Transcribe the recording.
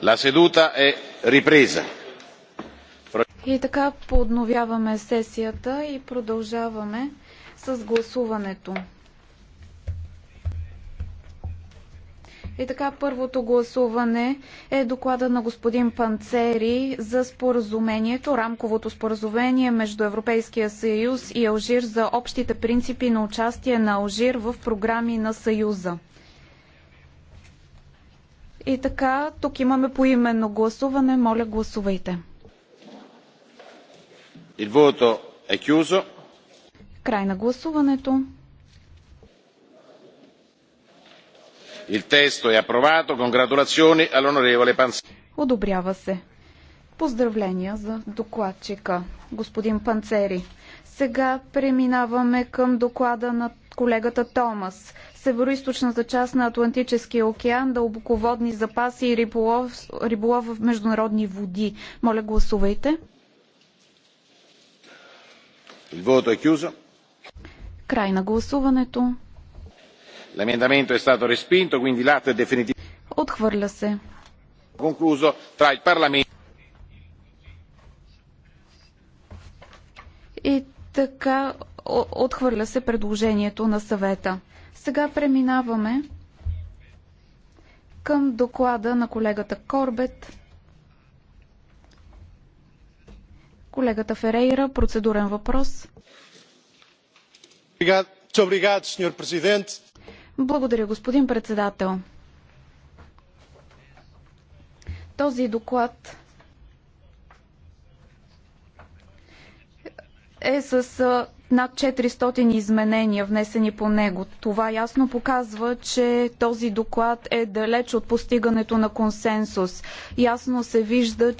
La seduta е ripresa. И така подновяваме сесията и продължаваме с гласуването. И така първото гласуване е доклада на господин Панцери за споразумението, рамковото споразумение между Европейския съюз и Алжир за общите принципи на участие на Алжир в програми на Съюза. И така, тук имаме поименно гласуване. Моля, гласувайте. Il voto è chiuso. Край на гласуването. Il testo è approvato. Congratulazioni all'onorevole Одобрява се. Поздравления за докладчика, господин Панцери. Сега преминаваме към доклада на колегата Томас. Североизточната част на Атлантическия океан, дълбоководни запаси и риболов, риболов в международни води. Моля, гласувайте. Е кюза. Край на гласуването. L'emendamento è stato respinto, quindi l'atto è definitivo. Отхвърля се. Concluso tra il Parlamento. И така отхвърля се предложението на съвета. Сега преминаваме към доклада на колегата Корбет. Колегата Ферейра, процедурен въпрос. Благодаря, господин председател. Този доклад е с над 400 изменения, внесени по него. Това ясно показва, че този доклад е далеч от постигането на консенсус. Ясно се вижда,